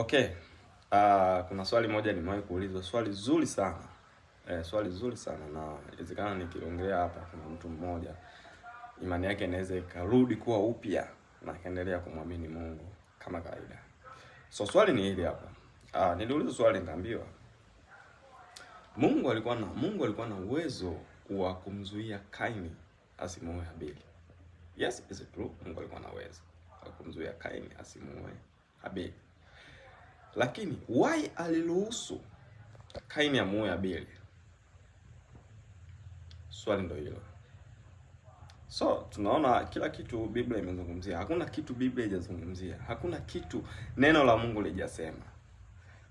Okay. Uh, kuna swali moja nimewahi kuulizwa, swali zuri sana eh, swali zuri sana na inawezekana nikiongelea hapa kuna mtu mmoja imani yake inaweza ikarudi kuwa upya na akaendelea kumwamini Mungu kama kawaida. So swali ni hili hapa. Uh, ah, niliulizwa swali nikaambiwa Mungu alikuwa na Mungu alikuwa na uwezo wa kumzuia Kaini asimuue Habili. Yes, is it true? Mungu alikuwa na uwezo wa kumzuia Kaini asimuue Habili. Lakini why aliruhusu Kaini amuue Abeli? Swali ndio hilo. So tunaona kila kitu Biblia imezungumzia. Hakuna kitu Biblia haijazungumzia, hakuna kitu neno la Mungu lijasema.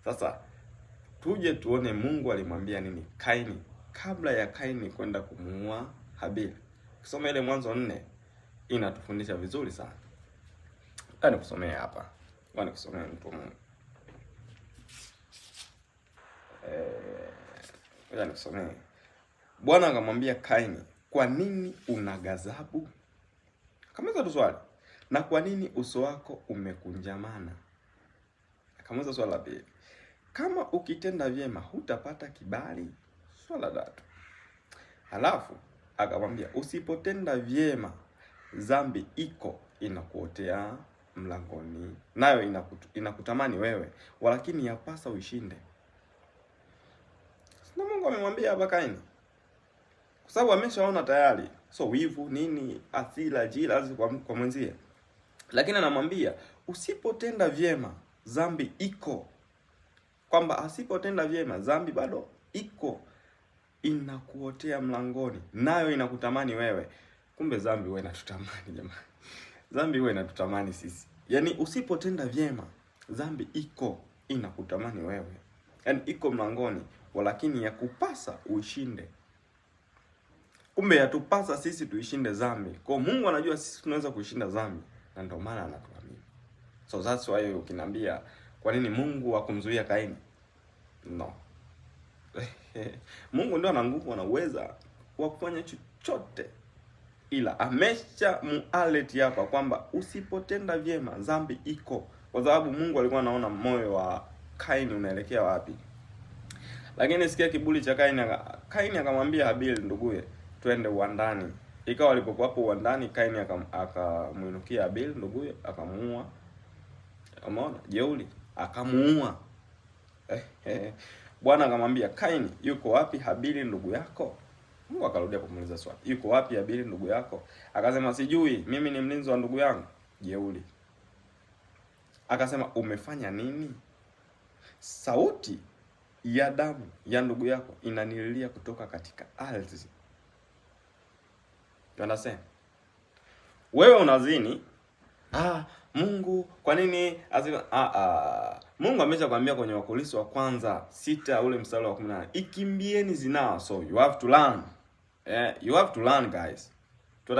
Sasa tuje tuone Mungu alimwambia nini Kaini kabla ya Kaini kwenda kumuua Habili. Kusoma ile Mwanzo nne inatufundisha vizuri sana. Anikusomea hapa, anikusomea mtu Mungu ngoja Bwana akamwambia Kaini, kwa nini una ghadhabu? Akamuuliza tu swali, na kwa nini uso wako umekunjamana? Akamuuliza swali la pili, kama ukitenda vyema hutapata kibali? Swali la tatu. Halafu akamwambia usipotenda vyema, dhambi iko inakuotea mlangoni, nayo inakutamani wewe, walakini yapasa uishinde. Mungu amemwambia hapa Kaini, kwa sababu ameshaona tayari, so wivu nini, athira jirazi kwa, kwa mwenzie, lakini anamwambia usipotenda vyema dhambi iko, kwamba asipotenda vyema dhambi bado iko inakuotea mlangoni, nayo inakutamani wewe. Kumbe dhambi wewe inatutamani jamani, dhambi wewe inatutamani sisi. Yaani usipotenda vyema dhambi iko inakutamani wewe, yaani iko mlangoni walakini yakupasa uishinde. Kumbe yatupasa sisi tuishinde dhambi. Kwa Mungu anajua sisi tunaweza kuishinda dhambi na ndio maana anatuamini. So that's why ukiniambia kwa nini Mungu akumzuia Kaini? No. Mungu ndio ana nguvu ana uweza wa kufanya chochote. Ila amesha mualeti hapa kwamba usipotenda vyema dhambi iko, kwa sababu Mungu alikuwa anaona moyo wa Kaini unaelekea wapi. Lakini sikia kiburi cha Kaini. Kaini akamwambia Habili nduguye, twende uwandani. Ikawa alipokuwapo hapo uwandani, Kaini akamwinukia Habili nduguye, akamuua. Umeona jeuli, akamuua. Eh, eh, eh. Bwana akamwambia Kaini, yuko wapi Habili ndugu yako? Mungu akarudia kumuuliza swali, yuko wapi Habili ndugu yako? Akasema sijui, mimi ni mlinzi wa ndugu yangu. Jeuli akasema umefanya nini? Sauti ya damu ya ndugu yako inanililia kutoka katika ardhi. Unasema wewe unazini, ah, Mungu kwa nini azima? Ah, ah, Mungu ameshakwambia kwenye Wakorintho wa kwanza sita ule mstari wa 18 ikimbieni zinaa, so you have to learn eh, you have to learn guys